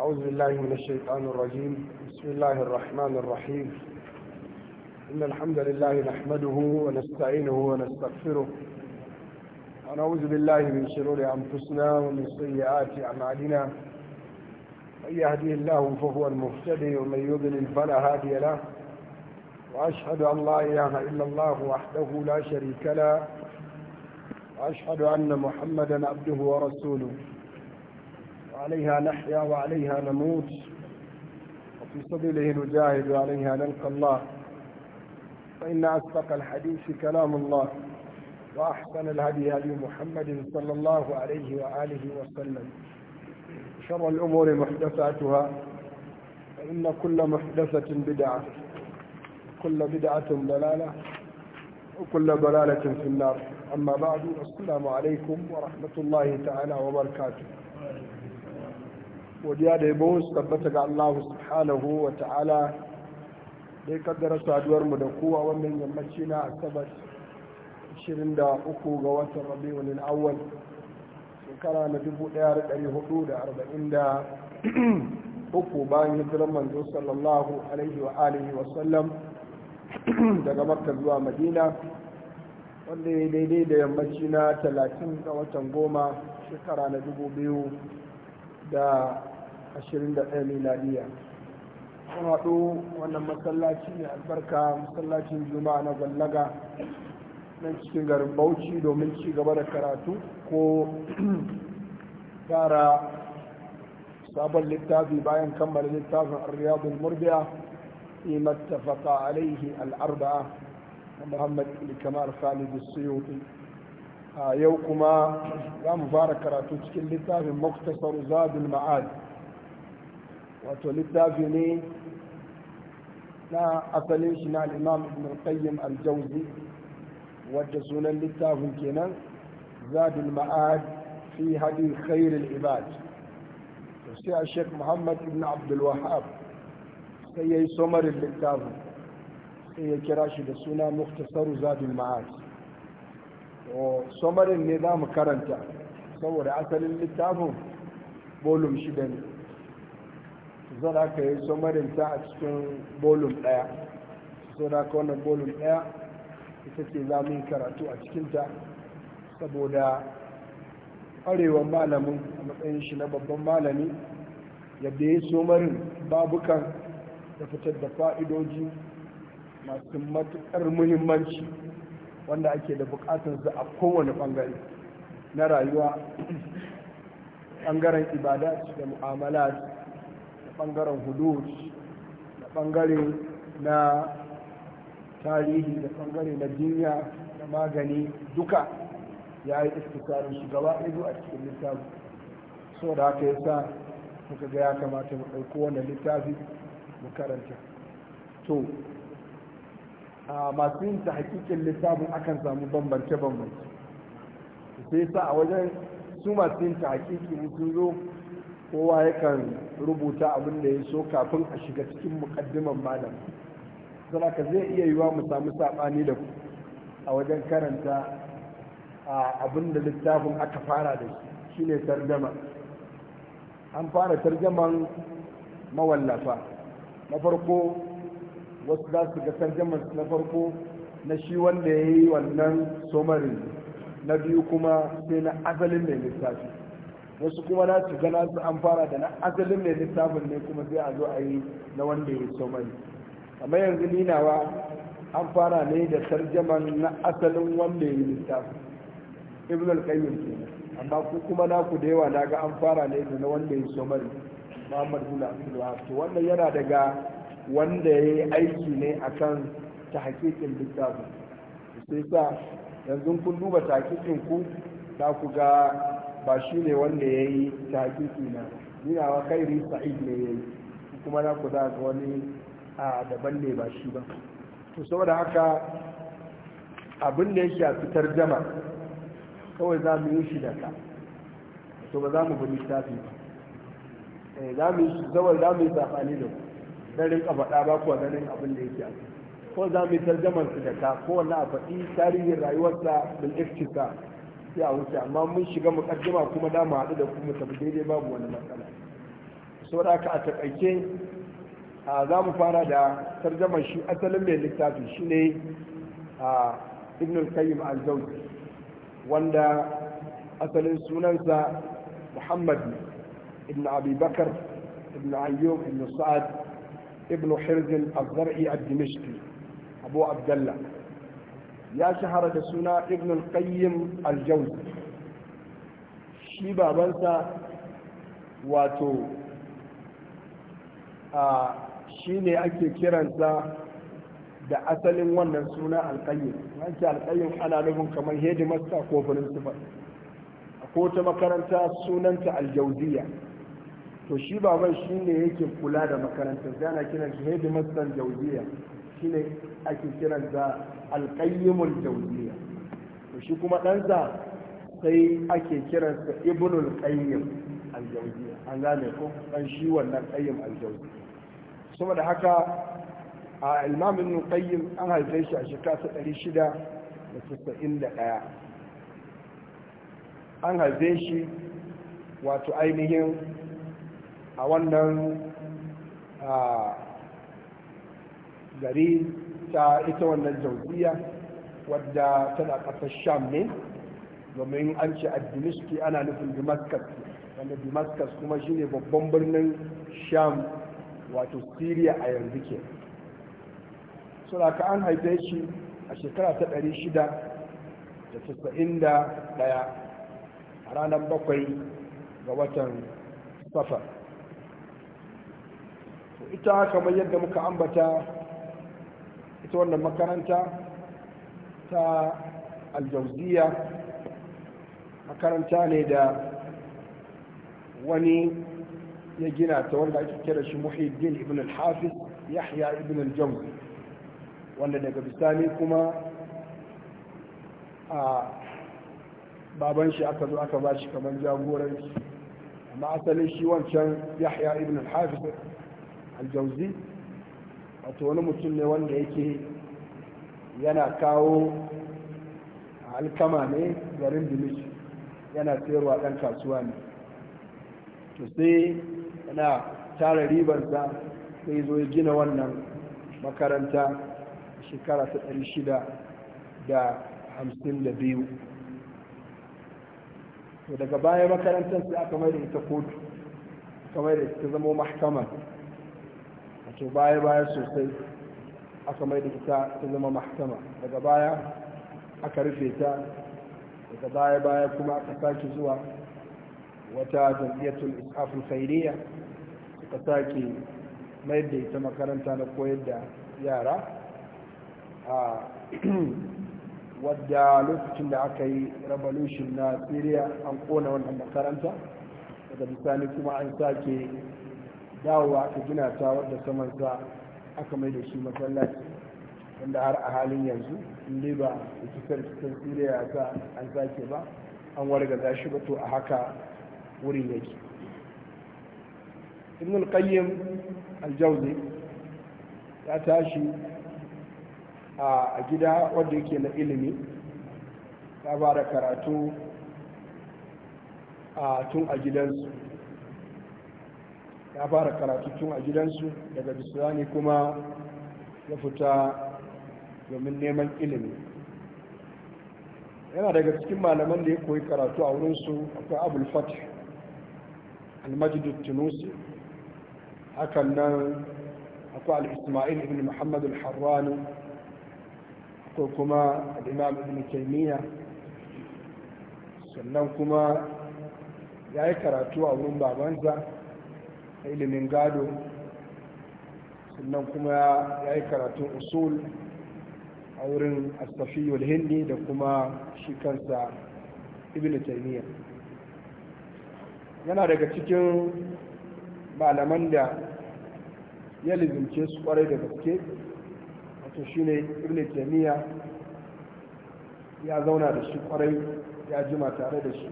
أعوذ بالله من الشيطان الرجيم بسم الله الرحمن الرحيم إن الحمد لله نحمده ونستعينه ونستغفره ونعوذ بالله من شرور أنفسنا ومن سيئات أعمالنا من يهديه الله فهو المهتدي ومن يضلل فلا هادي له وأشهد أن لا إله إلا الله وحده لا شريك له وأشهد أن محمدا عبده ورسوله عليها نحيا وعليها نموت وفي سبيله نجاهد وعليها نلقى الله فإن أصدق الحديث كلام الله وأحسن الهدي هدي محمد صلى الله عليه وآله وسلم شر الأمور محدثاتها فإن كل محدثة بدعة كل بدعة ضلالة وكل ضلالة في النار أما بعد السلام عليكم ورحمة الله تعالى وبركاته godiya da yabo su tabbata ga Allah subhanahu wa ta'ala da ya kaddara saduwar mu da kowa wannan yammaci na asabar 23 ga watan rabiul awwal shekara na 1443 bayan hijiran manzo sallallahu alaihi wa alihi wa sallam daga makka zuwa madina wanda ya daidai da yammaci na 30 ga watan goma shekara na 2000 da 21 miladiya kuma haɗu wannan masallaci mai albarka masallacin juma'a na gwallaga nan cikin garin bauchi domin ci gaba da karatu ko fara sabon littafi bayan kammala littafin arziyar murbiya fi mattafaka alaihi al'ada, na muhammad kamar khalid suyuti a yau kuma za mu fara karatu cikin littafin muktasar zadul ma'ad ma'ad wato littafi ne na asalin shi na imam ibn qayyim al-jawzi wadda sunan littafin kenan zadul ma'ad fi hadi khair al-ibad to sai Sheikh Muhammad ibn Abdulwahab Wahhab sai yayi somarin littafin sai ya kira shi da suna muktasaru zadul ma'ad to somarin ne za mu karanta saboda asalin littafin bolum shida ne zan ka yi somarin ta a cikin bolum ɗaya so ka wani wannan bolum ɗaya ita ce za mu yi karatu a cikinta saboda ƙwarewar malamin a matsayin shi na babban malami yadda ya yi somarin babukan da fitar da fa'idoji masu matuƙar muhimmanci wanda ake da za a kowane ɓangare na rayuwa ɓangaren ibada da mu'amala Bangaren hudud da ɓangare na tarihi da ɓangare na jinya da magani duka ya yi istisarin su gaba ido a cikin littafi so da haka ya sa muka ga ya kamata mu ɗauko wannan littafi mu karanta to a masu yin ta hakikin littafin akan samu bambance-bambance sai sa a wajen su masu yin ta hakiki sun zo kowa yakan rubuta abin da ya so kafin a shiga cikin mukaddimar malam ka zai iya yiwa mu samu saɓani da ku a wajen karanta abin da littafin aka fara da shi shine tarjama an fara tarjaman mawallafa na farko wasu za su ga tarjaman na farko na shi wanda ya yi wannan somarin na biyu kuma sai na asalin mai littafi wasu kuma na su gana su an fara da na asalin mai littafin ne kuma sai a zo a yi na wanda ya so mani amma yanzu ninawa an fara ne da tarjaman na asalin wanda ya yi littafin ibn al-qayyim kenan amma ku kuma na ku da yawa na ga an fara ne da na wanda ya so mani muhammad bin abdul wahab to wannan yana daga wanda ya yi aiki ne akan ta hakikin littafin sai sa yanzu kun duba ta ku za ku ga ba shi ne wanda ya yi tahqiqi na nuna wa kairi sa'id ne ya yi kuma na ku za ga wani a daban ne ba shi ba to saboda haka abin da yake a fitar jama kawai za mu yi shi da ka to ba za mu bi littafi ba eh, za mu yi zawar za mu yi safani da ku dan faɗa ba kuwa ganin abin da yake a ko za mu yi tarjamar su da ka ko wani a faɗi tarihin rayuwarsa bil iftisa sai a wuce amma mun shiga mukaddima kuma da mu haɗu da ku mu tafi daidai babu wani matsala saboda ka a takaice a za mu fara da tarjamar shi asalin mai littafin shi ne a ibn al al wanda asalin sunansa muhammad ibn abi bakar ibn ayyub ibn sa'ad ibn hirzin al-zar'i al-dimashqi abu abdullah ya shahara da suna ibn al-qayyim al-jawzi shi babansa wato a shi ake kiransa da asalin wannan suna alƙayyar al alƙayyar ana nufin kamar hedimasta ko firinsifal ko ta makaranta sunanta aljauziya to shi baban shi ne yake kula da makarantar yana kiran shi al aljauziya shine ake kiran da alƙayyimul jawziya to shi kuma ɗansa sai ake kiransa ibnul qayyim al-jawziya an gane ko dan shi wannan qayyim al-jawziya saboda haka a imam ibn qayyim an haife shi a shekara ɗari shida da da ɗaya an haife shi wato ainihin a wannan gari ta ita wannan jauziya wadda tana kasar sham ne domin an ce adiniski ana nufin damascus wanda damascus kuma shine babban birnin sham wato syria a yanzu ke suraka an haife shi a shekara ta 691 a ranar bakwai ga watan safar ita kamar yadda muka ambata ita wannan makaranta ta aljauziya makaranta ne da wani ya gina ta wanda ake kira shi muhiddin ibn al-hafiz yahya ibn al wanda daga bisani kuma a baban shi aka zo aka ba shi kamar jagoranci amma asalin shi wancan yahya ibn al-hafiz al wato wani mutum ne wanda yake yana kawo alkama ne garin dimishi yana sayarwa ɗan kasuwa ne to sai yana tara ribarsa sai zo ya gina wannan makaranta shekara ta ɗari shida da hamsin da biyu to daga baya makarantar sai aka mai da ita kotu kamar da ita zama mahkamar wato baya baya sosai aka mai da ita ta zama mahkama daga baya aka rufe ta daga baya baya kuma aka sake zuwa wata jam'iyyatul isaful khairiyya suka sake mai da ita makaranta na koyar da yara a wadda lokacin da aka yi revolution na syria an kona wannan makaranta daga bisani kuma an sake dawowa aka gina ta wadda samansa aka mai da shi masallaci wanda har a halin yanzu in dai ba cikar cikin siriya ya sa an sake ba an za shi ba a haka wurin yake ibn al-qayyim al ya tashi a gida wanda yake na ilimi ta fara karatu a tun a gidansu ya fara karatu tun a gidansu daga bisani kuma ya fita domin neman ilimi yana daga cikin malaman da ya koyi karatu a wurinsu akwai abul al almajidu tunusi hakan nan akwai al-ismail ibn muhammad al harwani akwai kuma al-imam ibn taymiya sannan kuma ya yi karatu a wurin babansa ilimin gado sannan kuma ya yi karatun usul a wurin astafiyul hindi da kuma shi kansa ibn taymiyyah yana daga cikin malaman da ya lizince su kwarai da gaske wato shine ibn taymiyyah ya zauna da shi kwarai ya jima tare da shi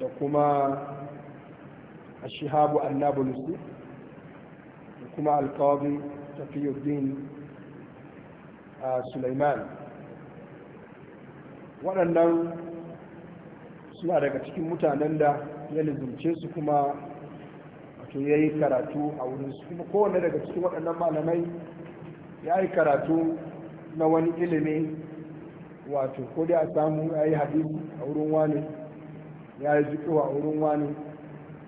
da kuma الشهاب النابلسي وكما القاضي تقي الدين سليمان waɗannan suna daga cikin mutanen da ya lizumce su kuma wato ya yi karatu a wurin su kuma kowane daga cikin waɗannan malamai ya yi karatu na wani ilimi wato ko dai a samu ya yi hadisi a wurin wani ya yi zikiwa a wurin wani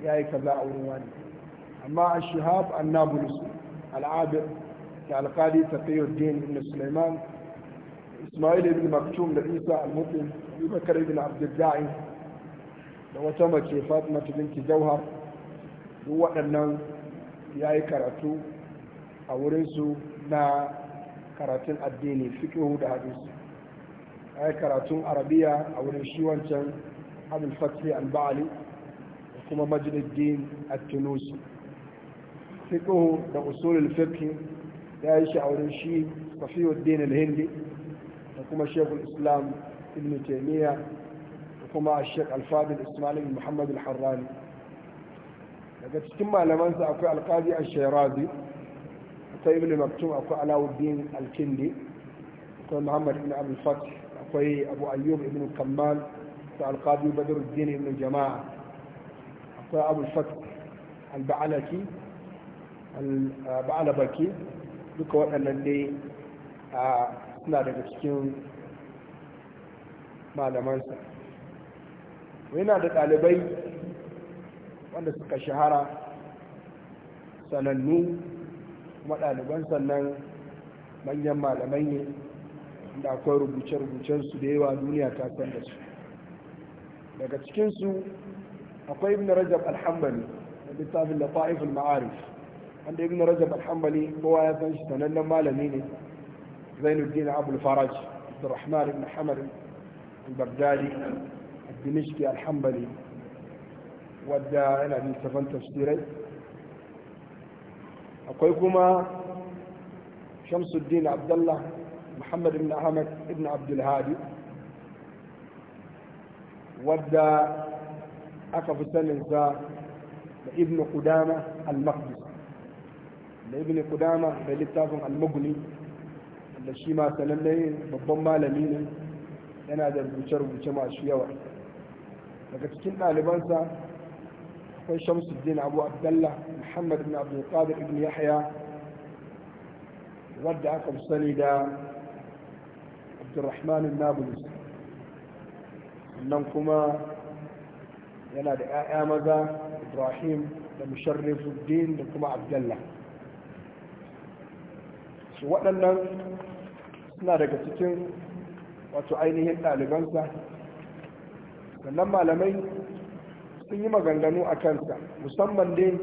ya kaza a wurin wani amma a shihab annabulus al'abir da alkali taqiyuddin ibn sulaiman ismail ibn maktum da isa al-mutim abubakar ibn abdullahi da wata mace fatima binti jauhar duk waɗannan ya yi karatu a wurinsu na karatun addini fikihu da hadisi ya yi karatun arabiya a wurin shi wancan abin fatih al-ba'ali كما مجد الدين التونسي فقه بأصول الفقه دايش عورشي صفي الدين الهندي وكما شيخ الإسلام ابن تيمية وكما الشيخ الفاضل اسماعيل بن محمد الحراني لقد تم على منزع في القاضي الشيرازي وكي ابن مكتوم أكو على الدين الكندي وكما محمد بن أبو الفتح وكي أبو أيوب ابن الكمال القاضي بدر الدين ابن الجماعة akwai abu fat alba'alaki baki duka waɗannan ne a suna daga cikin malamansa yana da ɗalibai wanda suka shahara sanannu kuma ɗaliban sannan manyan malamai ne da akwai rubuce-rubucensu da yawa duniya ta san da su daga cikinsu akwai ibn rajab alhambali da littafin da ta'iful ma'arif wanda ibn rajab alhambali kowa ya san shi sanannen malami ne zainuddin abul faraj abdurrahman ibn hamad al-baghdadi al-dimishki alhambali wadda yana da littafin tafsirai akwai kuma shamsuddin abdullah muhammad ibn ahmad ibn abdulhadi wadda aka fi saninsa da ibn qudama al-maqdis da ibn qudama da littafin al-mughni da shi ma sanannen babban malami ne yana da rubuce-rubuce masu yawa daga cikin ɗalibansa akwai shamsuddin abu abdallah muhammad ibn abdul qadir ibn yahya wadda aka fi sani da abdurrahman ibn sannan kuma yana da 'ya'ya maza ibrahim da musharrifuddin da kuma abdullah su waɗannan suna daga cikin wato ainihin ɗalibansa sannan malamai sun yi maganganu a kansa musamman dai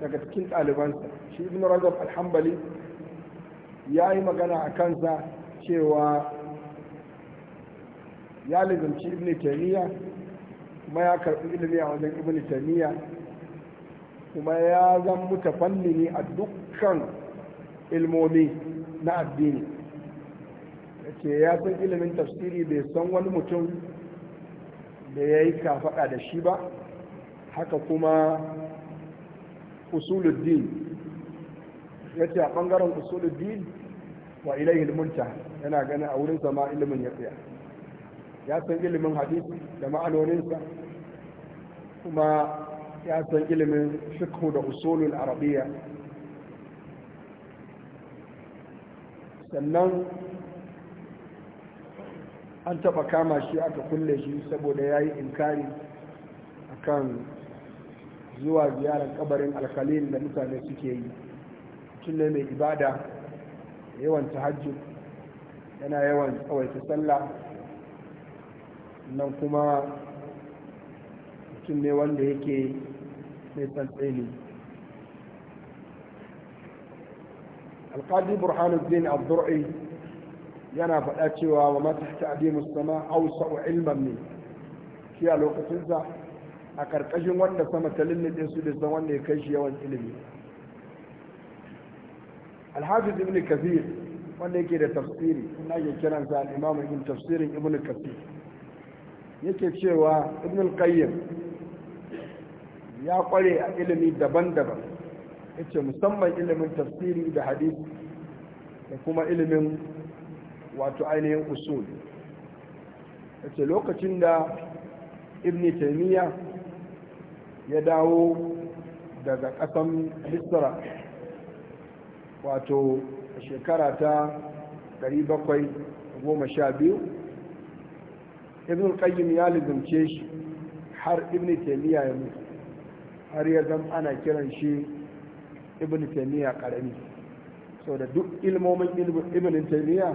daga cikin ɗalibansa shi ibn rajab alhambali ya yi magana a kansa cewa ya lizanci ibn taymiyyah kuma ya karɓi ilimi a wajen ibn tamiya kuma ya zan fannini a dukkan ilmomi na addini ce ya san ilimin tafsiri bai san wani mutum da ya yi kafaɗa da shi ba haka kuma usuluddin ya ce a ɓangaren usuluddin wa ilayhi ilmunta yana gani a wurin sama ilimin ya tsaya ya san ilimin hadisi da ma'anoninsa kuma ya san ilimin fiqh da usulul arabiya sannan an taɓa kama shi aka kulle shi saboda ya yi inkari akan zuwa ziyarar kabarin alkalin da mutane suke yi tunne mai ibada yawan tahajjud yana yawan tsawaita sallah nan kuma mutum ne wanda yake mai tsantseni alƙadi burhanuddin abdur'i yana faɗa cewa wa mata ta'dimu sama hausa wa ilman ne shi a lokacinsa a ƙarƙashin wanda sama ta lullube su da san wanda ya kai shi yawan ilimi Alhaji ibn kafir wanda yake da tafsiri ina yake kiransa al'imamu ibn tafsirin ibn kafir yake cewa ibn al-qayyim ya kware a ilimi daban-daban yace musamman ilimin tafsiri da hadisi da kuma ilimin wato ainihin usul yace lokacin da ibn taymiya ya dawo daga ƙasan misra wato shekara ta 712 ibn qayyim ya lizumce shi har ibn taymiya ya mutu har ya zama ana kiran shi ibn taymiya karami da duk ilmomin ibn taymiya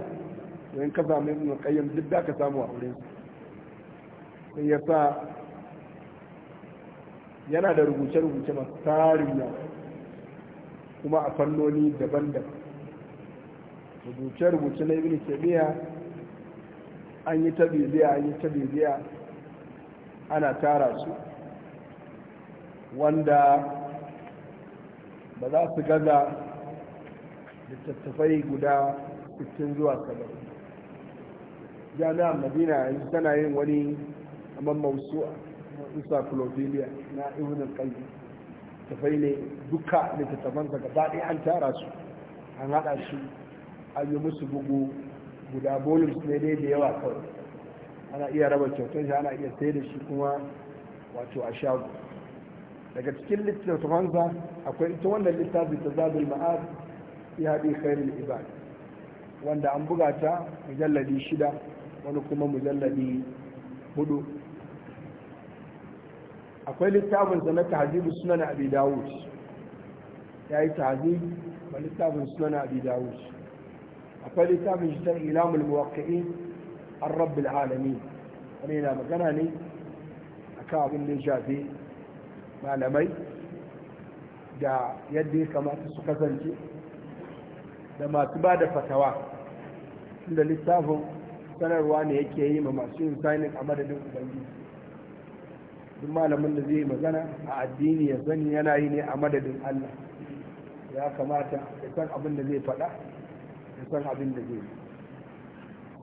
in ka samu ibn qayyim duk da ka samu a wurin sai ya sa yana da rubuce-rubuce masu tarin yawa kuma a fannoni daban-daban rubuce-rubuce na ibn taymiya an yi ta bibiya an yi ana tara su wanda ba za su gaza littattafai guda 60 zuwa 70 jami'ar madina yanzu tana yin wani kamar mausu'a encyclopedia na ibn kai tafai ne duka littattafansa gaba ɗaya an tara su an haɗa su an yi musu bugu guda su ne dai da yawa kawai ana iya raba kyautar shi ana iya sai da shi kuma wato a shago daga cikin littafin tufanza akwai ita wannan littafin ta zadul ma'ad ya haɗe khairul ibad wanda an buga ta mujalladi shida wani kuma mujalladi hudu akwai littafinsa na tahzibu sunan abi dawud ya yi tahzib ba littafin sunan abi dawud akwai littafin shi san ilamul muwaqqi'in an rabbil alamin wani yana magana ne kan abin da ya shafi malamai da yadda ya kamata su kasance da masu ba da fatawa inda littafin sanarwa ne yake yi ma masu yin sainin a madadin ubangiji duk malamin da zai yi magana a addini ya sani yana yi ne a madadin allah ya kamata ya san abin da zai faɗa san abin da zai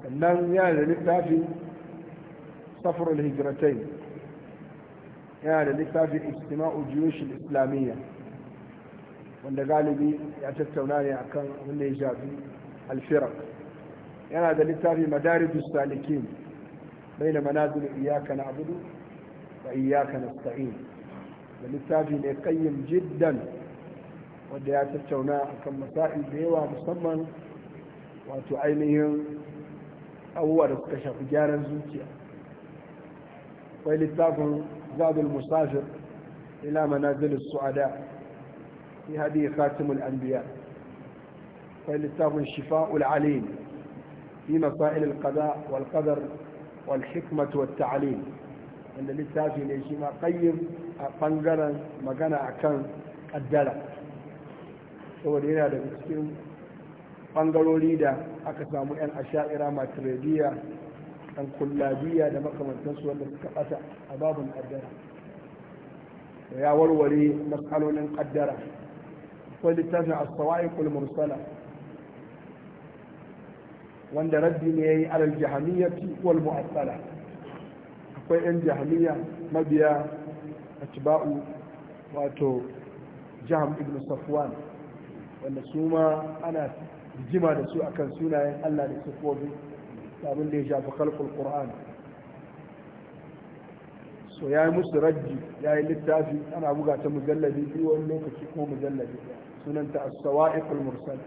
sannan yana da littafi safarar hijiratai, yana da littafi istima'u jiyoshin islamiyya wanda galibi ya tattauna ne akan abin da ya shafi alfirak yana da littafi madarijus salikin bai da manazil iyaka na abudu da iyaka na sta'in da littafi ne kayyim jiddan wanda ya tattauna akan masail da yawa musamman wato ainihin abubuwa da suka shafi gyaran zuciya akwai littafin zadul musafir ila manazil su'ada fi hadi khatimul anbiya akwai littafin shifa'ul alim fi masail al-qada wal qadar wal hikmatu wat ta'lim inda littafi ne shi ma qayyim a bangaren magana akan kaddara saboda yana daga cikin bangarori da aka samu 'yan asha'ira maturidiyya dan kullabiya da makamantansu wanda suka ɓata a babin ƙaddara ya warware matsalolin ƙaddara akwai littafin a sawaiqul mursala wanda raddi ne yayi alal jahmiyyati wal mu'assala akwai yan jahmiya mabiya atba'u wato jihar ibn safwan wanda su ma ana jima da su akan sunayen Allah da sifofi da abin da ya shafi khalqul qur'an so ya yi musu rajji ya yi littafi ana buga ta mujallabi biyu wani lokaci ko mujallabi sunanta as-sawa'iqul mursal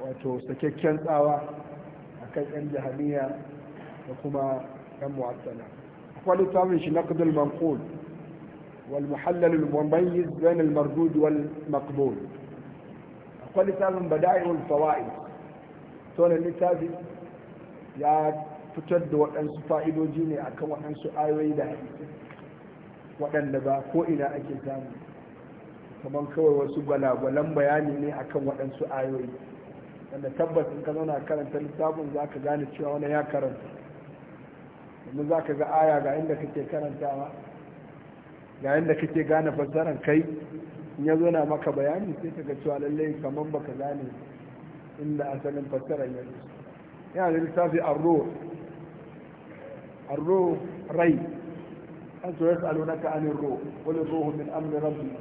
wato sakakken tsawa akan yan jahaniya da kuma yan mu'attala akwai littafin shi naqdul manqul wal muhallal mumayyiz bain al mardud wal maqbul akwai littafin bada'iul fawaid to ne littafi ya fitar da waɗansu fa'idoji ne akan waɗansu ayoyi da waɗanda ba ko ina ake samu kamar kawai wasu gwalagwalan bayani ne akan waɗansu ayoyi wanda tabbas in ka zauna karanta littafin za ka gane cewa wani ya karanta domin za ka ga aya ga inda kake karantawa ga inda kake gane fassarar kai in ya zo na maka bayani sai ka ga cewa lallai kamar baka gane inda asalin fassara ya zo yana da littafi arro arro rai an so yas'alu naka anir ruh qul ruhu min amri rabbi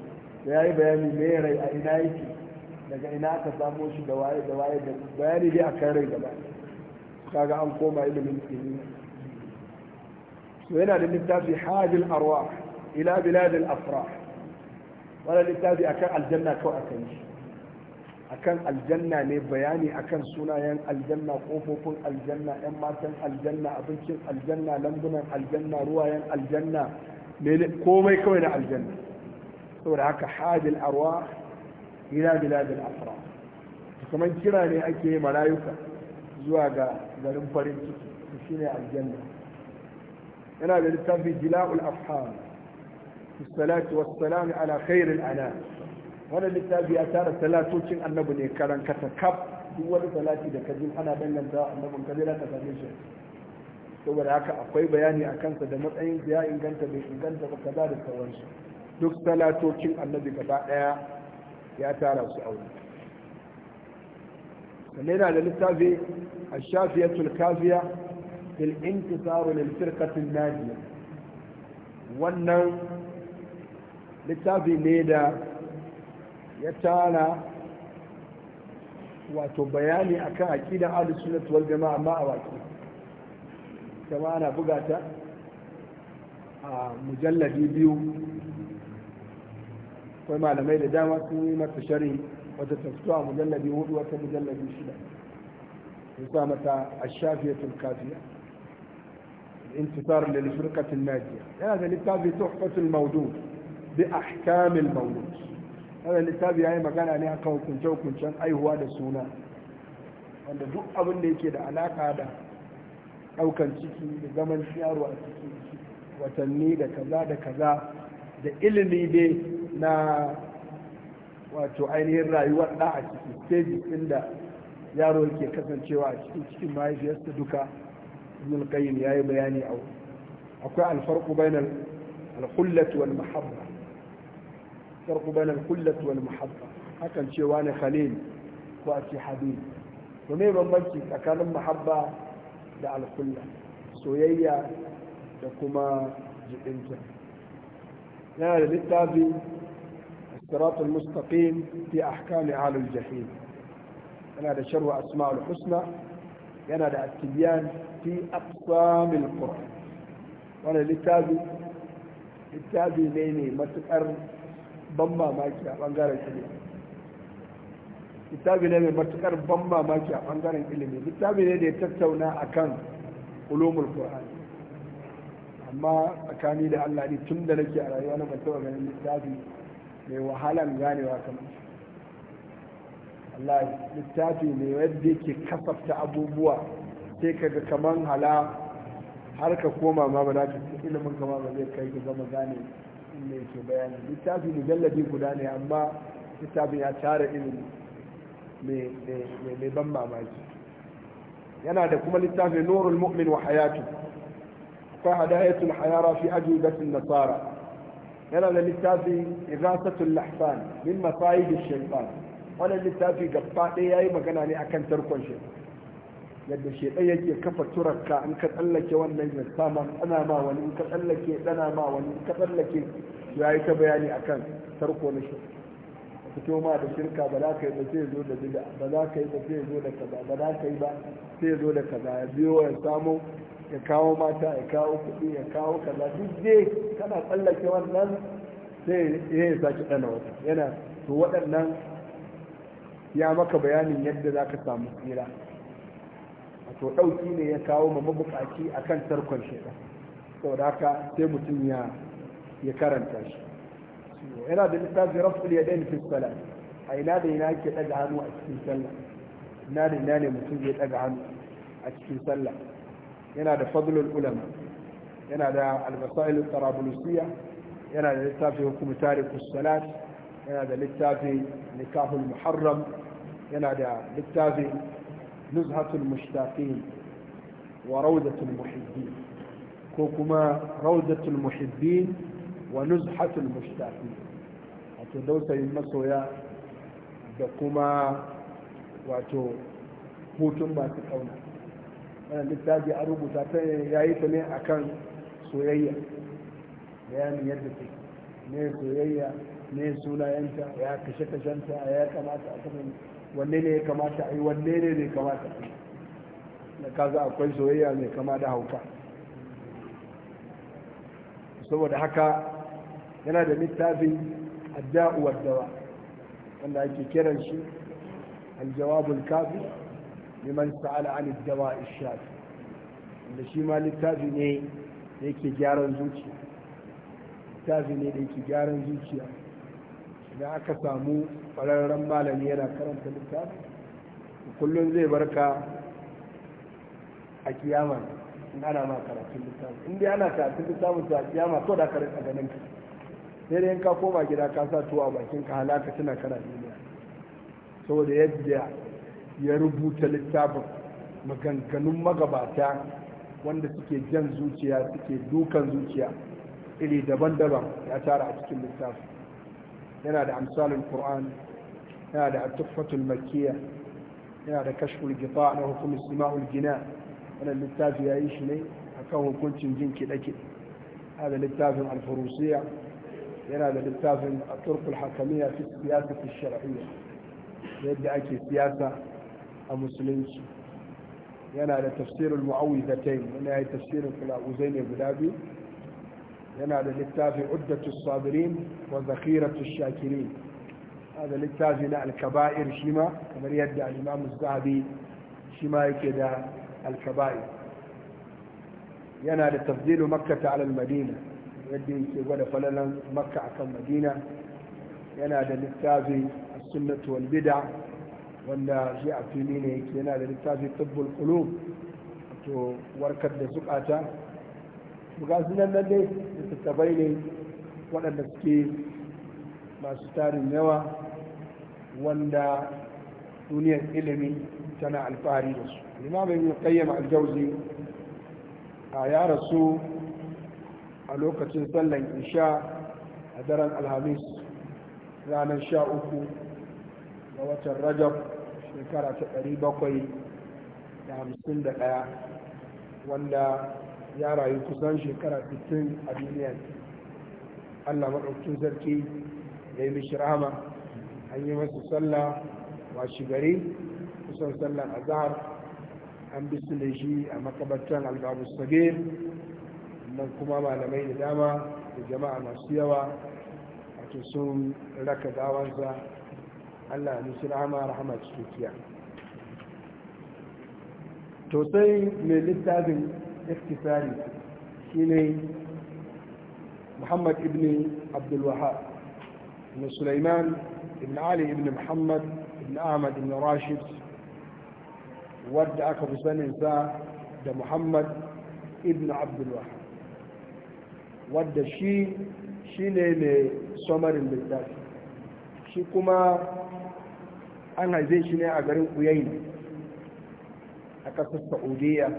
da yayi bayani me rai a ina yake daga ina aka samo shi da waye da waye da bayani dai akan rai gaba kaga an koma ilimin kimiyya to yana da littafi hadil arwah ila bilad al afrah wannan littafi akan aljanna kawai aka yi akan aljanna ne bayani akan sunayen aljanna kofofin aljanna yan matan aljanna abincin aljanna lambunan aljanna ruwayen aljanna komai kawai na aljanna saboda haka hadil arwa ila biladil afra kamar kira ne ake yi marayuka zuwa ga garin farin ciki shine aljanna yana da littafi jila'ul afham salatu wassalamu ala khairil anam wannan littafi ya tara salatocin annabi ne karan kata duk wani salati da kaji ana danganta annabin kaje za ka same saboda haka akwai bayani a kansa da matsayin ya inganta bai inganta ba kaza da sauransu duk salatocin annabi gaba daya ya tara su aure sannan yana da littafi a shafiyatul kafiya fil intisaru lil firqatin najiya wannan littafi ne da ya tara wato bayani akan aqidan ahlus sunnah wal jama'a ma a waki kama ana buga ta a mujalladi biyu akwai malamai da dama sun yi mata sharhi wata tafsuwa mujalladi hudu wata mujalladi shida sun sa mata ashafiyatul kafiya intisar lil firqatil najiya yana da littafi tuhfatul mawdud bi ahkamil mawlud wannan littafi yayi magana ne akan hukunce hukuncen aihuwa da suna wanda duk abin da yake da alaka da daukan ciki da zaman yaro a ciki watanni da kaza da kaza da ilimi dai na wato ainihin rayuwar da a ciki stage inda yaro ke kasancewa a cikin cikin mahaifiyarsa duka ibn al-qayyim yayi bayani a akwai alfarqu bainal al-khullah wal mahabba فرق بين الكلة والمحبة حكم شوان خليل وأتي حبيب ومين من بنتي أكان المحبة دع الكلة سويا لكما جئنت يا للتابي الصراط المستقيم في أحكام آل الجحيم أنا هذا شر أسماء الحسنى أنا هذا التبيان في أقسام القرآن وأنا للتابي التابي ليني ما تقر ban mamaki a ɓangaren ilimi littafi ne mai matukar ban mamaki a ɓangaren ilimi littafi ne da ya tattauna a kan ulumul qur'an amma tsakani da allah ne tun da nake a rayuwa na ban ganin littafi mai wahalan ganewa kamar shi wallahi littafi ne yadda yake kasafta abubuwa sai kaga kaman hala har ka koma ma ba za ka ilimin kama ba zai kai ka zama gane ne ke bayani littafi mujallabi guda ne amma littafin ya tara ilimi mai ban mamaki yana da kuma littafin nurul mu'min wa hayatu akwai hadayatul hayara fi ajudatin nasara yana da littafi irasatul lahfan min masayid shaytan wannan littafi gaba ɗaya yayi magana ne akan tarkon shaytan yadda ɗaya yake kafa turarka in ka tsallake wannan ya sama ana ma wani in ka tsallake tsana ma wani in ka tsallake ya yi ta bayani akan tarko na shi fito ma da shirka ba za ka yi ba sai zo da bida ba za ka yi ba sai zo da kaza ba za ka yi ba sai zo da kaza ya biyo ya samu ya kawo mata ya kawo kuɗi ya kawo kaza duk dai kana tsallake wannan sai ya yi sake ɗana wata yana to waɗannan ya maka bayanin yadda za ka samu tsira to ɗauki ne ya kawo ma mabukaci a kan tarkon shaidan saboda haka sai mutum ya karanta shi yana da littafi raful ya ɗan fiskala a ina da ina ke ɗaga hannu a cikin sallah ina da ina ne mutum zai ɗaga hannu a cikin sallah yana da fadlul ulama yana da albasail tarabulusiya yana da littafi hukum tariku salat yana da littafi nikahul muharram yana da littafi نزهة المشتاقين وروضة المحبين كوكما روضة المحبين ونزهة المشتاقين حتى لو سيمسوا يا دكما واتو هوتم ما انا لتاجي اروبو تاتي يا ايتني اكن سويا يعني يدتي ني سويا ني سولا انت يا كشكش انت يا كما تاتي wanne ne ya kamata a yi wanne ne bai kamata a da kaza akwai soyayya mai kama da hauka saboda haka yana da littafin adda'u waddawa wanda ake kiran shi aljawabul kafi liman sa'ala an dawa ishafi wanda shi ma littafi ne da yake gyaran zuciya littafi ne da yake gyaran zuciya idan aka samu ƙwararren malami yana karanta littafi kullum zai barka a kiyama in ana ma karatun littafi in dai ana karatun littafin su a kiyama to da karin ganin ka sai dai in ka koma gida ka sa tuwa bakin ka halaka tana kana duniya saboda yadda ya rubuta littafin maganganun magabata wanda suke jan zuciya suke dukan zuciya iri daban-daban ya tara a cikin littafin يا ده أمثال القرآن يا ده التحفة المكية يا ده كشف القطاع له كل السماء الجناء أنا للتاف يا إيش لي أكوه كنت جنك الأكل هذا للتاف الفروسية هنا ده للتاف الطرق الحكمية في السياسة الشرعية يبدا أكل السياسه المسلمين يا ده تفسير المعوذتين هنا هي تفسير القلاء الغلابي ينال للتافي عدة الصابرين وذخيرة الشاكرين هذا للتافي ينال الكبائر شما كما يدعى الإمام الزهبي شما كذا الكبائر ينال تفضيل مكة على المدينة يدي يقول فلالا مكة على المدينة ينال للتافي السنة والبدع ولا جاء في مين ينال للتافي طب القلوب وركب لزقاته وقال لنا ليه littattafai ne waɗanda suke masu tarin yawa wanda duniyar ilimi tana alfahari da su imam ibn qayyim al a ya rasu a lokacin sallan isha a daren alhamis ranar sha uku ga watan rajab shekara ta ɗari bakwai da hamsin da ɗaya wanda ya rayu kusan shekara 60 a duniya allah maɗaukin sarki ya yi mishi Rahma, an yi masa sallah washi gari kusan sallar azhar an bi su da shi a makabartan albabu sabir nan kuma malamai da dama da jama'a masu yawa a sun raka gawansa allah ya Rahma, rahama rahama cikakkiya to sai mai littafin iktisari shine muhammad ibn abdulwahab ibn sulaiman ibn ali ibn muhammad ibn ahmad ibn rashid wadda aka fi saninsa da muhammad ibn abdulwahab wadda shi shi ne mai somarin littafi shi kuma an haife shi ne a garin uyayi a ƙasar saudiya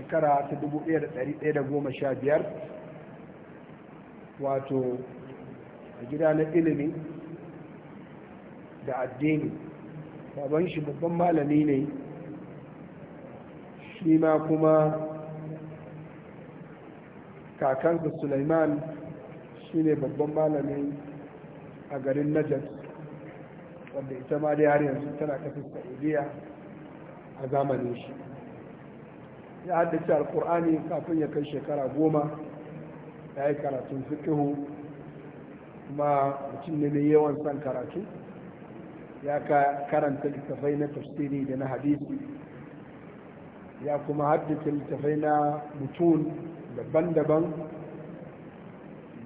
shekara ta biyar, wato a gida na ilimi da addini baban shi babban malami ne shi ma kuma kakansa suleiman shi ne babban malami a garin najas wanda ita ma da har yanzu tana kafin saudiya a zamanin shi ya haddace alkur'ani kafin ya kai shekara goma ya yi karatun fikihu kuma mutum ne mai yawan son karatu ya karanta littafai na tafsiri da na hadisi ya kuma haddace littafai na mutum daban-daban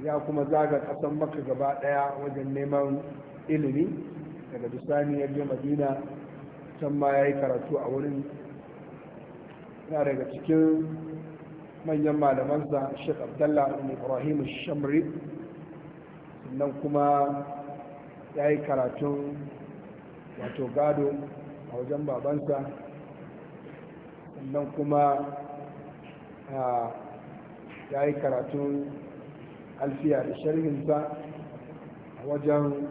ya kuma zaga kasan maka gaba daya wajen neman ilimi daga bisani ya je madina can ma ya yi karatu a wurin yana daga cikin manyan malamansa Sheikh Abdullah Ibrahim Shamri sannan kuma ya yi karatun wato gado a wajen babansa sannan kuma ya yi karatun alfiya da sharhinsa a wajen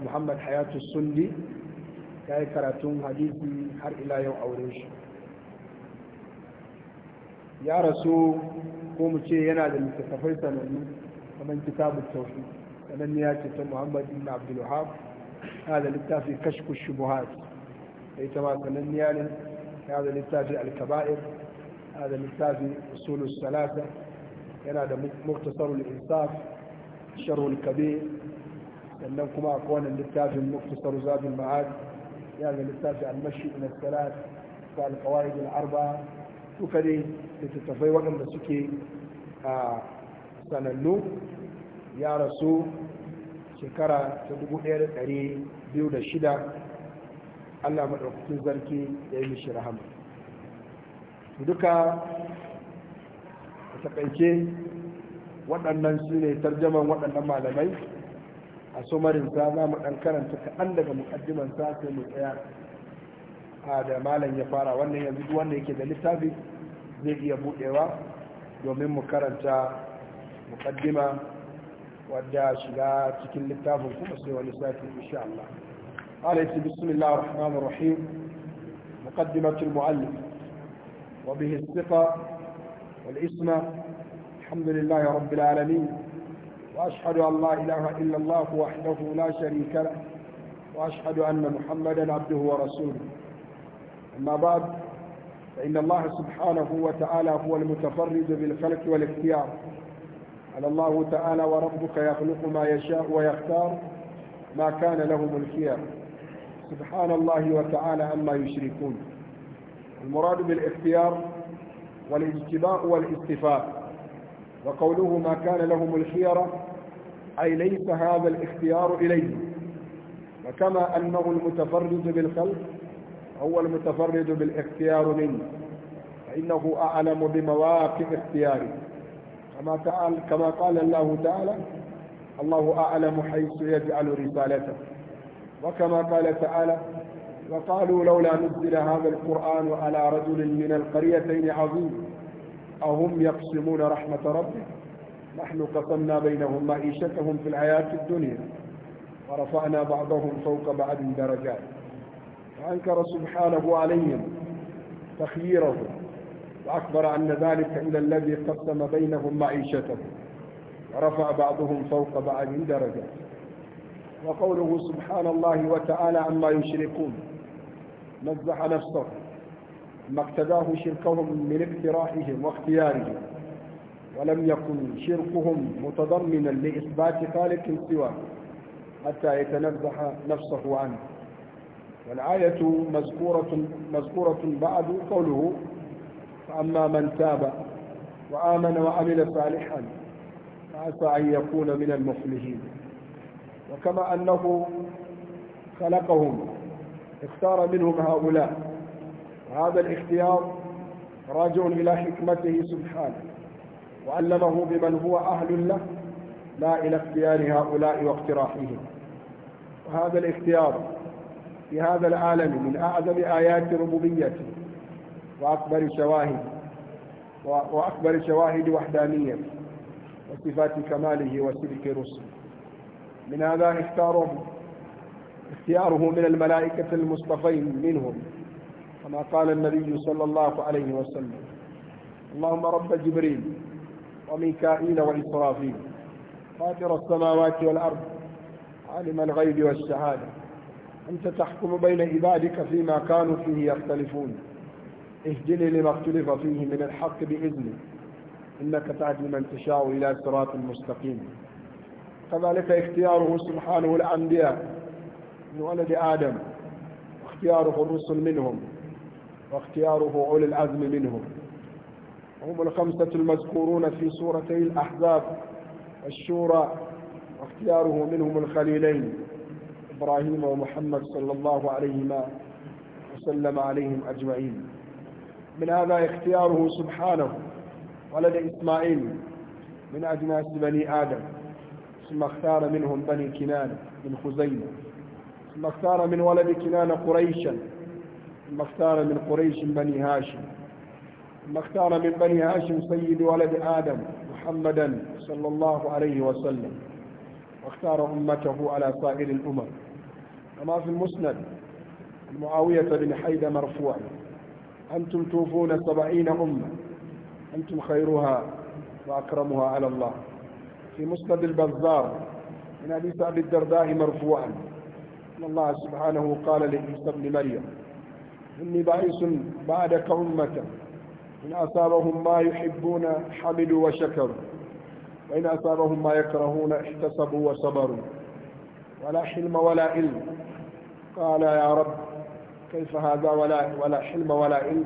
Muhammad Hayatu Sundi ya yi karatun hadisi har ila yau aure shi ya rasu ko mu ce yana da littattafai sanannu kamar kitabun tauhid sanan ya ce ta muhammad ibn abdul wahab ya da littafi kashku shubuhat da ta ma sanan ya ne ya da littafi al-kaba'ir ya da littafi usulus salasa yana da muktasarul insaf sharhul kabir sannan kuma akwai wannan littafin muktasar zabin ma'ad يا ذا للتابع المشي من الثلاث والقواعد الأربعة وكذي لتتفاي وقم بسكي sanannu ya rasu shekara ta dubu ɗaya da ɗari biyu shida, allah maɗaukakin zarki ya yi mishi rahama duka a taƙaice waɗannan su ne tarjaman waɗannan malamai a sumarin ta za mu ɗan karanta kaɗan daga mukaddimansa sai mu tsaya a da malam ya fara wannan yanzu duk wanda yake da littafi zai iya buɗewa domin mu karanta mukaddima wadda shiga cikin littafin kuma sai wani sati insha Allah قال بسم الله الرحمن الرحيم مقدمة المؤلف وبه الثقة والإسمة الحمد لله رب العالمين وأشهد أن لا إله إلا الله وحده لا شريك له وأشهد أن محمدا عبده ورسوله أما بعد فإن الله سبحانه وتعالى هو المتفرد بالخلق والاختيار على الله تعالى وربك يخلق ما يشاء ويختار ما كان لهم الخيار سبحان الله وتعالى عما يشركون المراد بالاختيار والاجتباء والاستفاق وقوله ما كان لهم الخيرة أي ليس هذا الاختيار إليه وكما أنه المتفرد بالخلق هو المتفرد بالاختيار منه فإنه أعلم بمواقع اختياره كما, تعال كما قال الله تعالى الله أعلم حيث يجعل رسالته وكما قال تعالى وقالوا لولا نزل هذا القرآن على رجل من القريتين عظيم أهم يقسمون رحمة ربك نحن قسمنا بينهم معيشتهم في الحياة الدنيا ورفعنا بعضهم فوق بعض درجات فأنكر سبحانه عليهم تخييرهم وأكبر أن ذلك إلى الذي قسم بينهم معيشتهم ورفع بعضهم فوق بعض درجات وقوله سبحان الله وتعالى عما يشركون نزح نفسه ما اقتداه شركهم من اقتراحهم واختيارهم ولم يكن شركهم متضمنا لإثبات خالق سواه حتى يتنبه نفسه عنه والآية مذكورة, مذكورة بعد قوله فأما من تاب وآمن وعمل صالحا فعسى أن يكون من المفلحين وكما أنه خلقهم اختار منهم هؤلاء هذا الاختيار راجع إلى حكمته سبحانه وعلمه بمن هو أهل له لا إلى اختيار هؤلاء واقتراحهم وهذا الاختيار في هذا العالم من أعظم آيات ربوبيته وأكبر شواهد وأكبر شواهد وحدانيته وصفات كماله وسلك رسله من هذا اختاره اختياره من الملائكة المصطفين منهم كما قال النبي صلى الله عليه وسلم اللهم رب جبريل وميكائيل وإسرافيل فاطر السماوات والأرض عالم الغيب والشهادة أنت تحكم بين عبادك فيما كانوا فيه يختلفون اهدني لما اختلف فيه من الحق بإذنك إنك تهدي من تشاء إلى صراط مستقيم كذلك اختياره سبحانه الأنبياء من ولد آدم واختياره الرسل منهم واختياره أولي العزم منهم هم الخمسة المذكورون في سورتي الأحزاب الشورى واختياره منهم الخليلين إبراهيم ومحمد صلى الله عليهما وسلم عليهم أجمعين من هذا اختياره سبحانه ولد إسماعيل من أجناس بني آدم ثم اختار منهم بني كنان من خزيمة ثم اختار من ولد كنان قريشا ثم اختار من قريش بني هاشم ثم اختار من بني هاشم سيد ولد آدم محمدا صلى الله عليه وسلم واختار أمته على سائر الأمم كما في المسند معاوية بن حيد مرفوعا أنتم توفون سبعين أمة أنتم خيرها وأكرمها على الله في مسند البزار من أبي سعد الدرداء مرفوعا أن الله سبحانه قال لعيسى بن مريم إني بائس بعدك أمة إن أصابهم ما يحبون حمدوا وشكروا وإن أصابهم ما يكرهون احتسبوا وصبروا ولا حلم ولا علم قال يا رب كيف هذا ولا, ولا حلم ولا علم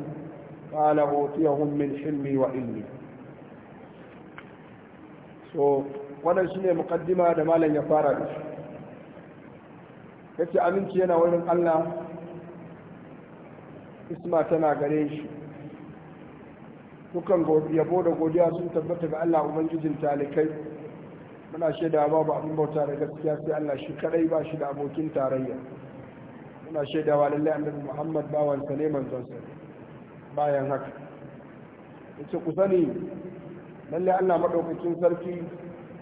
قال أوتيهم من حلمي وعلمي so وأنا shine mukaddima da malam ya fara da shi وأنا aminci yana wurin Allah isma tana gare shi dukan yabo da godiya sun tabbata ga Allah ubangijin talikai muna shaida babu abin bauta da gaskiya sai Allah shi kadai ba shi da abokin tarayya muna shaida wa lallai annabi Muhammad bawan sa ne manzon sa bayan haka yace ku sani lallai Allah madaukakin sarki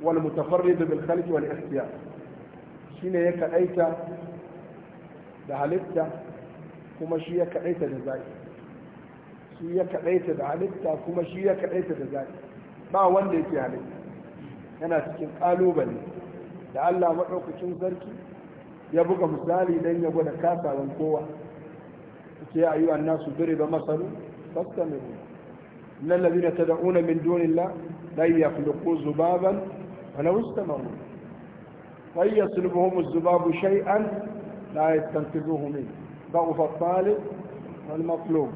wal mutafarrid bil khalq wal ikhtiyar shine ya kadaita da halitta kuma shi ya kaɗaita da zaɓi shi ya kaɗaita da halitta kuma shi ya kaɗaita da zaɓi ba wanda yake halitta yana cikin ƙalubale da Allah maɗaukacin sarki ya buga misali don ya gwada kasawan kowa ce a yi an nasu biri ba masaru fasta mai ruwa lallabi da ta da'una min dunilla la yi ya fuluku zubaban wani wusta mamu la yi ya sulbuhu zubabu shay'an la yi tantizuhu min ضعف الطالب والمطلوب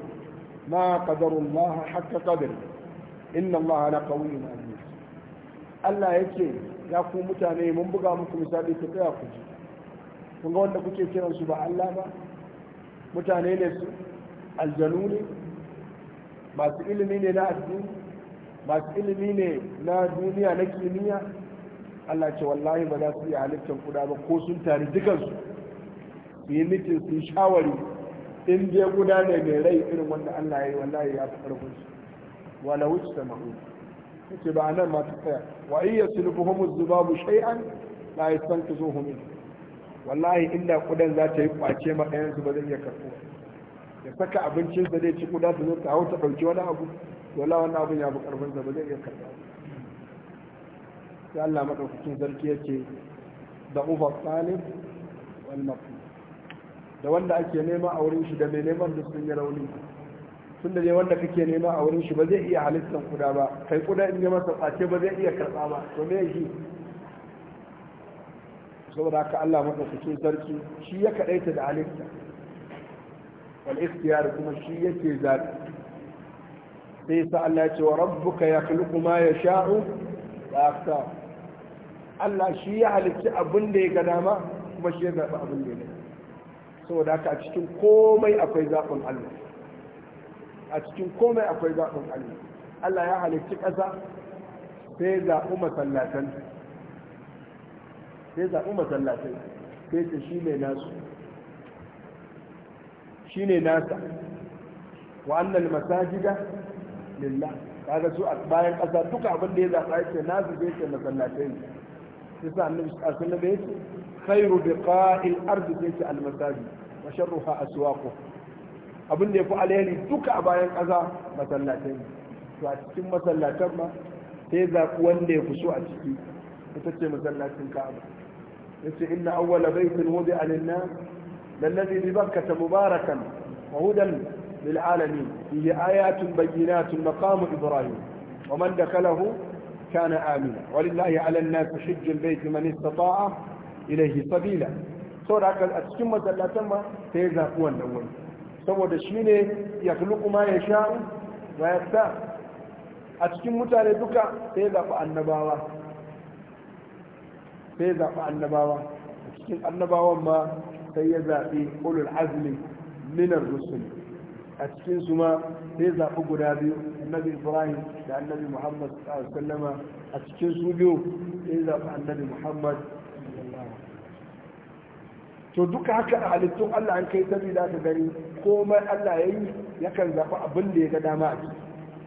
ما قدر الله حق قدر إن الله لقوي عزيز Allah ya ce ya ku mutane mun buga muku misali ku tsaya ku ga wanda kuke kiran su ba Allah ba mutane ne su aljanu masu ilimi ne na addini masu ilimi ne na duniya na kimiyya Allah ce wallahi ba za su iya halittar kuda ba ko sun tari dukansu su yi mitin su yi shawari in je guda ne mai rai irin wanda Allah ya yi wallahi ya fi karfin su wala wuce ta mahu kace ba nan ma ta tsaya wa iya sulbuhum zubabu shay'an la yastankizuhu min wallahi inda kudan za ta yi kwace ma ɗayan su ba zai iya karɓo ya saka abincin sa zai ci kuda su zo ta hau ta ɗauki wani abu wallahi wannan abin ya fi karfin sa ba zai iya karɓo sai Allah madaukakin sarki yace da ufa talib wal mafi. da wanda ake nema a wurin shi da mai neman da sun yi rauni tun da ne wanda kake nema a wurin shi ba zai iya halittar kuda ba kai kuda in yi masa tsace ba zai iya karɓa ba to me shi saboda haka Allah madaukakin sarki shi ya kaɗaita da halitta wal ikhtiyar kuma shi yake zaɓi sai sa Allah ya ce wa rabbuka yakhluqu ma yasha'u wa yaktar Allah shi ya halicci abin da ya ga dama kuma shi ya zaɓi abin da ya ga saboda haka a cikin komai akwai zaɓin Allah a cikin komai akwai zaɓin Allah Allah ya halicci ƙasa sai ya zaɓi masallatan sai ya zaɓi masallatan sai ta shi ne nasu shi ne nasa wa annal masajida lillah kaga su a bayan ƙasa duka abin da ya zaɓa ya ce nasu zai ce masallatan sai sa annabi sallallahu alaihi wasallam khairu biqa'il ardi sai al-masaji wa sharruha aswaqu abin da yafi alheri duka a bayan kaza masallatai ne. to a cikin masallatan ma sai zaɓi wanda ya kuso a ciki ita ce masallacin ka'aba yace inna awwala baitin wudi'a lin-nas lalladhi bi bakkata mubarakan wa hudan lil alamin fihi ayatun bayyinatun maqamu ibrahim wa ومن دخله كان آمنا ولله على الناس حج البيت من استطاع ilaihi sabila saboda haka a cikin masallatan ma sai ya zafi wannan wani saboda shi ne ya kuluku ma ya sha ma ya sa a cikin mutane duka sai ya zafi annabawa sai ya zafi annabawa a cikin annabawan ma sai ya zafi ulul azmi minar rusul a cikin su ma sai zafi guda biyu annabi ibrahim da annabi muhammad sallama a cikin su biyu sai zafi annabi muhammad to duka haka a halittun Allah an kai za ka gani komai Allah ya yi yakan zafi abin da ya ga dama a ciki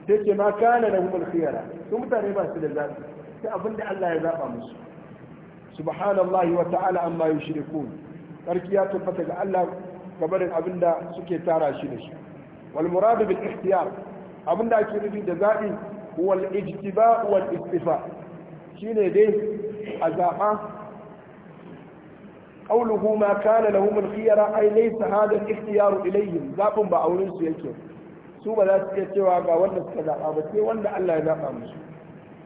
sai ce ma kana da humul khiyara su mutane ba su da zafi sai abin da Allah ya zaba musu subhanallahi wa ta'ala amma yushrikun sarki ya tabbata ga Allah gabarin abin da suke tara shi da shi wal muradu bil ikhtiyar abin da ake nufi da zaɓi, wal ijtiba wal istifa shine dai a zaɓa قوله ما كان لهم الخيرة أي ليس هذا الاختيار إليهم زابن بأولين سيكي سوما لا سيكي وعقا وانا السلاء أبتي وانا ألا ينقى مش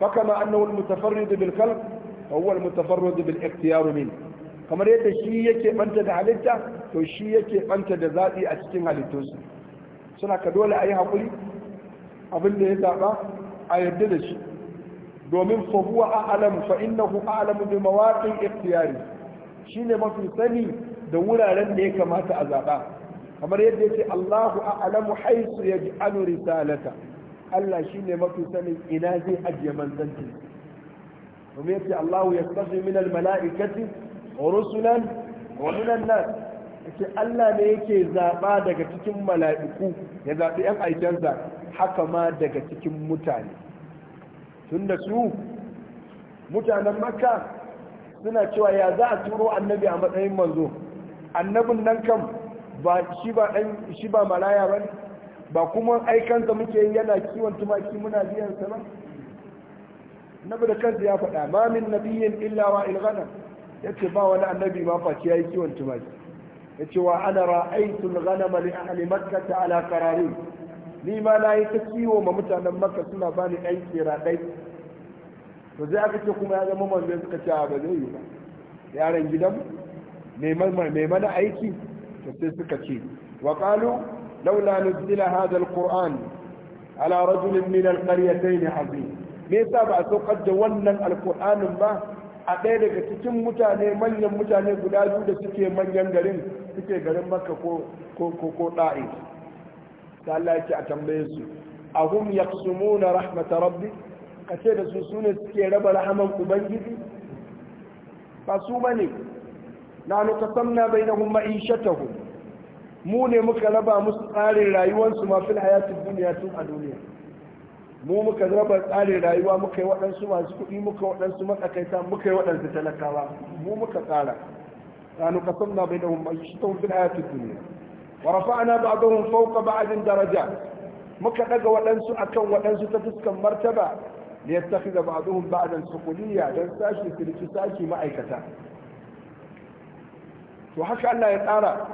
فكما أنه المتفرد بالخلق فهو المتفرد بالاختيار منه kamar yadda shi yake banta da halitta to shi yake banta da zaɓi a cikin halittunsu suna ka dole a yi hakuri, abin da ya zaɓa a yarda da shi domin fahuwa alamu fa innahu a alamu bi mawaƙin Shi ne mafi sani da wuraren da ya kamata a zaɓa kamar yadda yake Allahu a'lamu haisu ya ji anu risalata Allah shi ne mafi sani, ina zai ajiye manzanci kuma ce Allahu Ya min al-mala'ikati rusulan wa min nan nas Allah ne yake zaɓa daga cikin mala'iku ya zaɓi yan aikensa haka ma daga cikin mutane tunda su mutanen makka suna cewa ya za a turo annabi a matsayin manzo annabin nan kam shi ba dan ba malaya ba kuma aikanta muke yi yana kiwon tumaki muna biyan sa ba annabi da kansa ya faɗa ma min nabiyyin illa wa ilghana yace ba wani annabi ma face yayi kiwon tumaki yace wa ana ra'aytu al-ghanama li ahli makkah ala qararin ni ma na yi ta kiwo ma mutanen maka suna bani aiki kira to zai aka ce kuma ya zama manzo suka ce ba zai yi ba yaran gidan mai mana aiki to sai suka ce wa qalu laula nuzila hadha alquran ala rajul min alqaryatayn azim me yasa ba a saukar da wannan alquranin ba a ɗaya daga cikin mutane manyan mutane guda biyu da suke manyan garin suke garin makka ko ko ko ko da'i ta Allah yake a tambaye su ahum yaqsumuna rahmat ka ce da su su ne suke raba rahaman ubangiji ba su ba ne na na bai na kuma ishatahu mu ne muka raba musu tsarin rayuwarsu mafi hayatun duniya tun a duniya mu muka raba tsarin rayuwa muka yi waɗansu masu kuɗi muka waɗansu matsakaita muka yi waɗansu talakawa mu muka tsara na na bai na kuma ishatahu fil hayatun duniya wa rafa'ana ba'dahum fawqa ba'din daraja muka daga waɗansu akan waɗansu ta fuskan martaba ne ta fi zaba abuhun ba'adan sukuliya don sashi sirki sashi ma'aikata to haka Allah ya tsara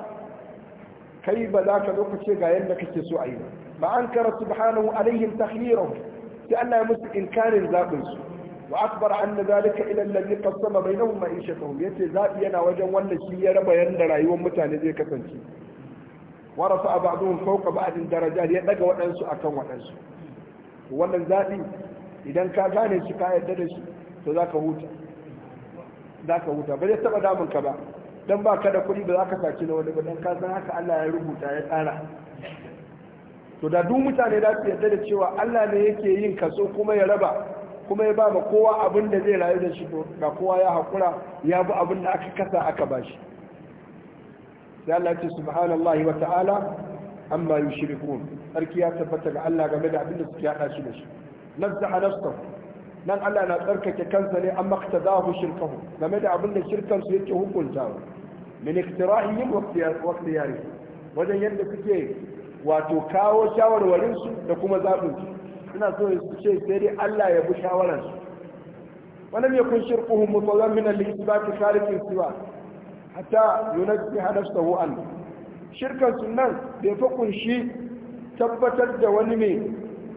kai ba za ka zo ka ce ga yadda kake so a yi ba an kara subhanahu alaihim takhlirahu sai Allah ya musu inkarin zabin su wa akbar anna zalika ila allazi qassama bainahum ma'ishatuhum yace zabi yana wajen wanda shi ya raba yanda rayuwar mutane zai kasance wa rafa'a ba'dhum fawqa ba'din darajat ya daga wadansu akan wadansu wannan zabi idan ka gane shi ka yarda da shi to za ka huta za ka huta ba zai taɓa damun ka ba dan ba ka da kuɗi ba za ka saki na wani ba dan ka san haka Allah ya rubuta ya tsara to da duk mutane za su yarda da cewa Allah ne yake yin kaso kuma ya raba kuma ya ba ma kowa abin da zai rayu da shi to ga kowa ya hakura ya bi abin da aka kasa aka bashi. shi sai Allah ce subhanallahi wa ta'ala amma yushrikun sarki ya tabbata ga Allah game da abin da suke hada shi da shi nazzaha nafsahu nan Allah na tsarkake kansa ne amma ktazahu shirkahu game da abin da shirkansu su hukunta, hukuntawa min iktira'ihim wa wajen yadda suke wato kawo shawarwarin su da kuma zabin su suna so su ce sai dai Allah ya bi shawaran su ولم يكن شركه متضمنا لإثبات خالق سواه حتى ينزه نفسه عنه shirkan sunan bai fi kunshi tabbatar da wani mai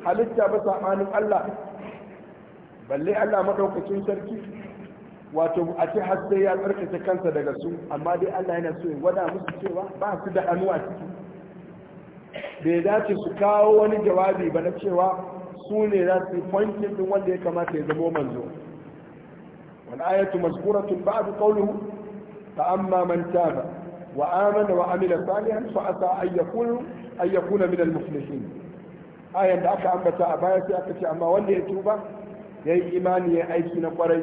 halitta ba sabanin Allah balle Allah madaukakin sarki wato a ce har sai ya tsarkake kansa daga su amma dai Allah yana so ya gwada musu cewa ba su da anuwa ciki bai dace su kawo wani jawabi ba na cewa su ne za su pointin din wanda ya kamata ya zamo manzo wal ayatu mazkuratun ba'du qawluhu fa amma man taba wa amana wa amila salihan fa asa an yakuna an min al muflihin ayan da aka ambata a baya sai aka ce amma wanda ya tuba ya yi imani ya aiki na kwarai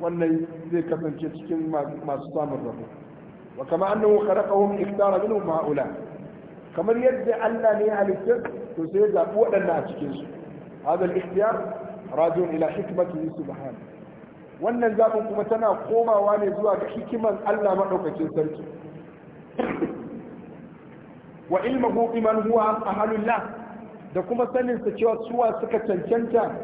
wannan zai kasance cikin masu samun rabo wa kama annahu khalaqahum ikhtara minhum haula kamar yadda Allah ne ya halitta to sai ya zabi waɗannan a cikin su hadha ikhtiyar rajun ila hikmatihi wannan zabin kuma tana komawa ne zuwa ga hikiman Allah madaukakin sarki wa ilmuhu biman huwa ahlullah da kuma sanin sa cewa suwa suka cancanta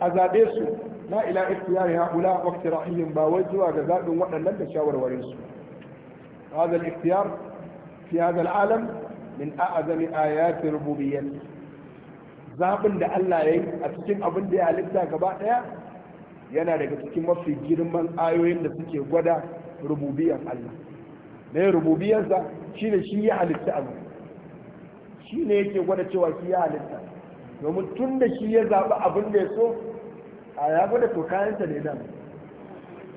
a zabe su na ila ikhtiyari haula wa iktirahihim ba wai zuwa ga zabin waɗannan da shawarwarin su هذا الاختيار في هذا العالم من أعظم آيات ربوبيته zaɓin da Allah ya yi a cikin abin da ya halitta gaba ɗaya yana daga cikin mafi girman ayoyin da suke gwada rububiyan Allah na yin rububiyarsa shi ne shi ya halitta abu shi ne yake gwada cewa shi ya halitta domin tun da shi ya zaɓi abin da ya so a ya gwada to kayansa ne nan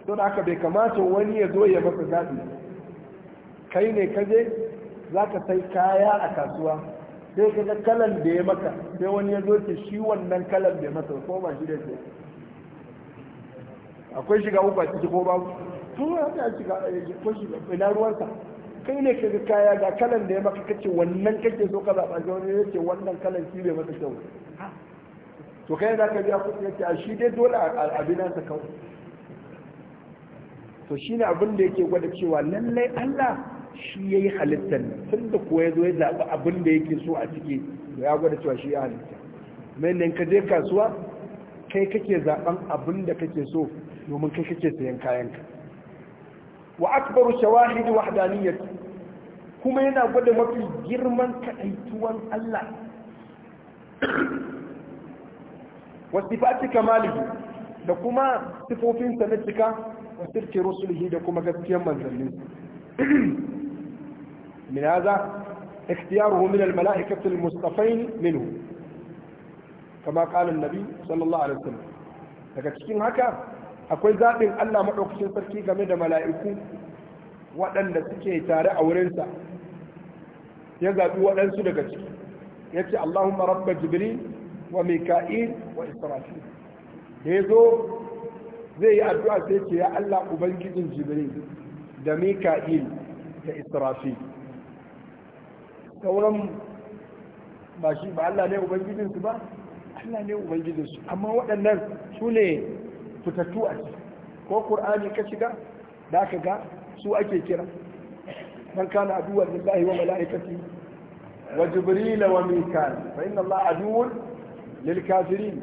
da aka bai kamata wani ya zo ya masa zaɓi kai ne ka je za ka sai kaya a kasuwa sai ka ga kalan da ya maka sai wani ya zo ce shi wannan kalan bai masa ko ba shi da akwai shiga uku a ciki ko babu tun haka ya shiga ko shiga ina ruwansa kai ne ka ga kaya ga kalan da ya maka kace wannan kake so ka zaba ga wani yace wannan kalan shi bai masa kyau to kai za ka biya kuɗi yace a shi dai dole a abinan ta kawai to shine abin da yake gwada cewa lallai Allah shi yayi halittar tun da ko ya zo ya zaba abin da yake so a ciki to ya gwada cewa shi ya halitta mai nan ka je kasuwa kai kake zaben abin da kake so domin kai kake sayan kayanka wa akbaru shawahidi wahdaniyati kuma yana gwada mafi girman kaɗaituwan Allah Wasu wasifati kamalihi da kuma sifofinsa na cika wa sirke rusulihi da kuma gaskiyar manzannin min haza min من الملائكة المصطفين منه كما قال النبي صلى الله عليه وسلم daga cikin haka akwai zaɓin Allah maɗaukacin sarki game da mala'iku waɗanda suke tare a wurinsa ya zaɓi waɗansu daga ciki ya ce allahumma rabba jibril wa mika'il wa israfil da ya zo zai yi addu'a sai ce ya allah ubangijin jibril da mika'il da israfil sauran ba shi ba allah ne ubangijinsu ba allah ne ubangijinsu amma waɗannan su ne fitattu a ciki ko ƙur'ani ka shiga da ka ga su ake kira man kana aduwwan lillahi wa malaikati wa jibril wa mikal fa inna allaha aduwwun lil kafirin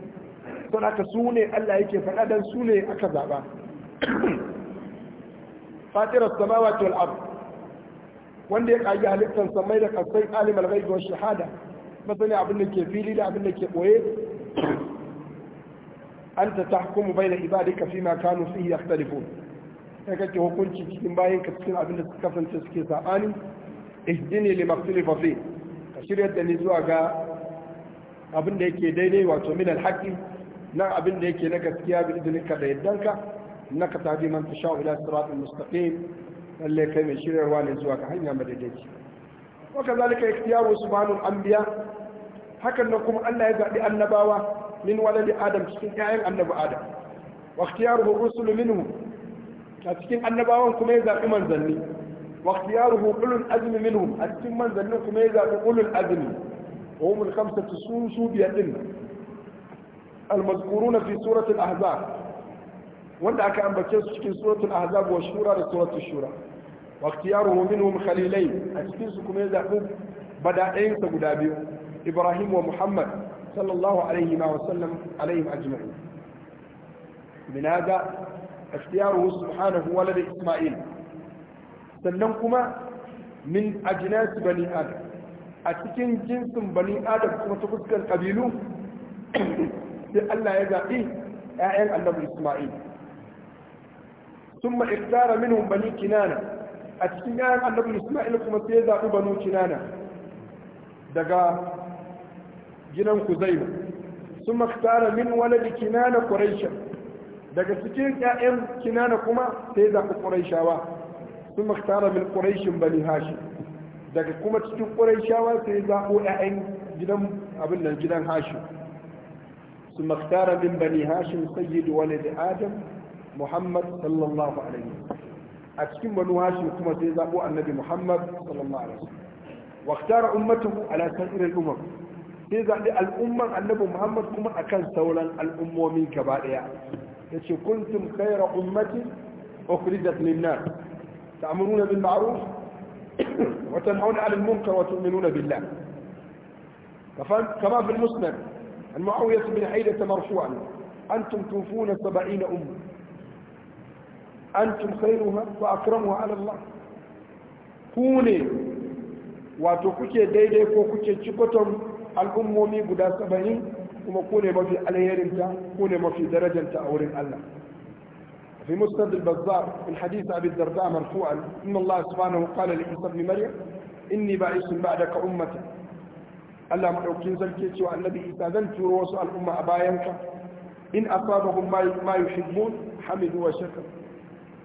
don haka su ne Allah yake faɗa dan su ne aka zaba fatirar samawati wal ard wanda ya kaji halittar samai da kasai alimul ghaibi wa shahada masani abin da ke fili da abin da ke boye anta tahkumu bayna ibadika fima kanu fihi yakhtalifun kai kake hukunci cikin bayan ka cikin abin da suka kasance suke sabani ihdini li maktilifa fi ka shirya da ni zuwa ga abin da yake daidai wato min alhaqi nan abin da yake na gaskiya bi idnika da yaddanka innaka tahdi man tasha ila siratal mustaqim lalle kai mai shiryarwa ne zuwa ga hanya madaidaici wa kazalika ikhtiyaru subhanul anbiya hakan nan kuma Allah ya zabi annabawa min waladi adam cikin ƴaƴan annabi adam wa ikhtiyaru rusulu minhu a cikin annabawan kuma ya zaɓi manzanni wa ikhtiyaruhu ulul azmi minhum a cikin manzannin kuma ya zaɓi ulul azmi wa humul khamsatu su su biyar din al-mazkuruna fi suratul ahzab wanda aka ambace su cikin suratul ahzab wa shura da suratul shura wa ikhtiyaruhu minhum khalilai a cikin su kuma ya zaɓi bada'ayin guda biyu ibrahim wa muhammad sallallahu alaihi wa sallam alaihim ajma'in min اختياره سبحانه ولد إسماعيل سننكما من أجناس بني آدم أتكين جنس بني آدم كما تفسك القبيل لألا يزعي أعين النبي إسماعيل ثم اختار منهم بني كنانة أتكين أعين النبي إسماعيل كما سيزعي بني كنانة دقا جنان كزيمة ثم اختار من ولد كنانة قريشا daga cikin ƴaƴan kinana kuma sai zaɓi ƙuraishawa sun maktara min ƙuraishin bani hashim daga kuma cikin ƙuraishawa sai zaɓo ƴaƴan gidan abin nan gidan hashim sun maktara min bani hashim sayyidu wani da adam muhammad sallallahu alaihi a cikin bani hashim kuma sai zaɓo annabi muhammad sallallahu alaihi waktara ummatahu ala sa'irin umar sai zaɓi al'umman annabi muhammad kuma akan sauran al'ummomi gaba ɗaya كنتم خير أمة أخرجت للناس تأمرون بالمعروف وتنهون عن المنكر وتؤمنون بالله كما في المسلم المعوية بن حيدة مرفوعا أنتم توفون سبعين أمة أنتم خيرها وأكرمها على الله كوني واتو كوكي ديدي كوكي تشكتم الأمومي قدا سبعين kuma ku ne mafi alherinta ku ne mafi darajanta a wurin Allah في مسند البزار من حديث أبي الدرداء مرفوعا إن الله سبحانه قال لعيسى بن مريم إني باعث بعدك أمة Allah maɗaukin zarke cewa annabi isa zan turo wasu al'umma a bayanka in asabahum ma yuhibbun hamidu wa shakar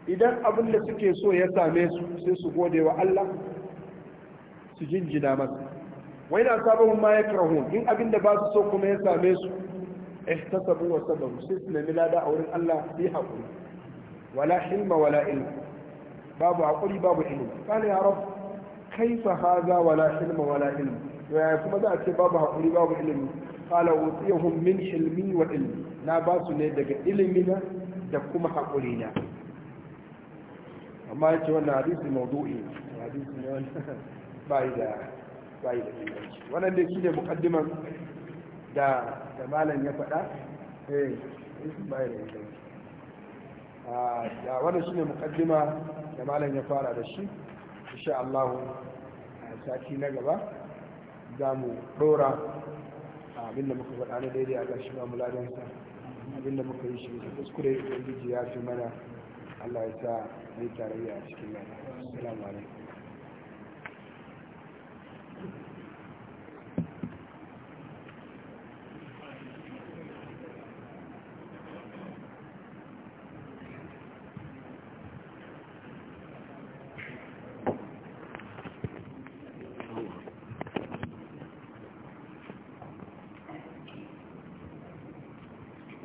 idan abin da suke so ya same su sai su gode wa Allah su jinjina masa wai na sabon ma ya karahun in abin da ba su so kuma ya same su ta ihtasabu wa sabaru sai su nemi lada a wurin Allah sai haƙuri wala hilma wala ilmi babu haƙuri babu ilmi kana ya rabu kaifa haza wala hilma wala ilmi yaya kuma za a ce babu haƙuri babu ilmi kala wutsiyahum min ilmi wa ilmi na ba su ne daga ilimina da kuma haƙuri na amma ya ce wannan hadisi maudu'i hadisi ne ba da bayi da inganci wannan dai shine mukaddiman da da malam ya faɗa eh bayi da inganci ah, a da wannan shine mukaddima da malam ya fara da shi insha Allah a sati na gaba za mu dora abinda muka faɗa na daidai a ƙarshen ba mu ladan sa abinda muka yi shi kuskure da ya fi mana Allah ya sa mai tarayya a cikin lafiya assalamu alaikum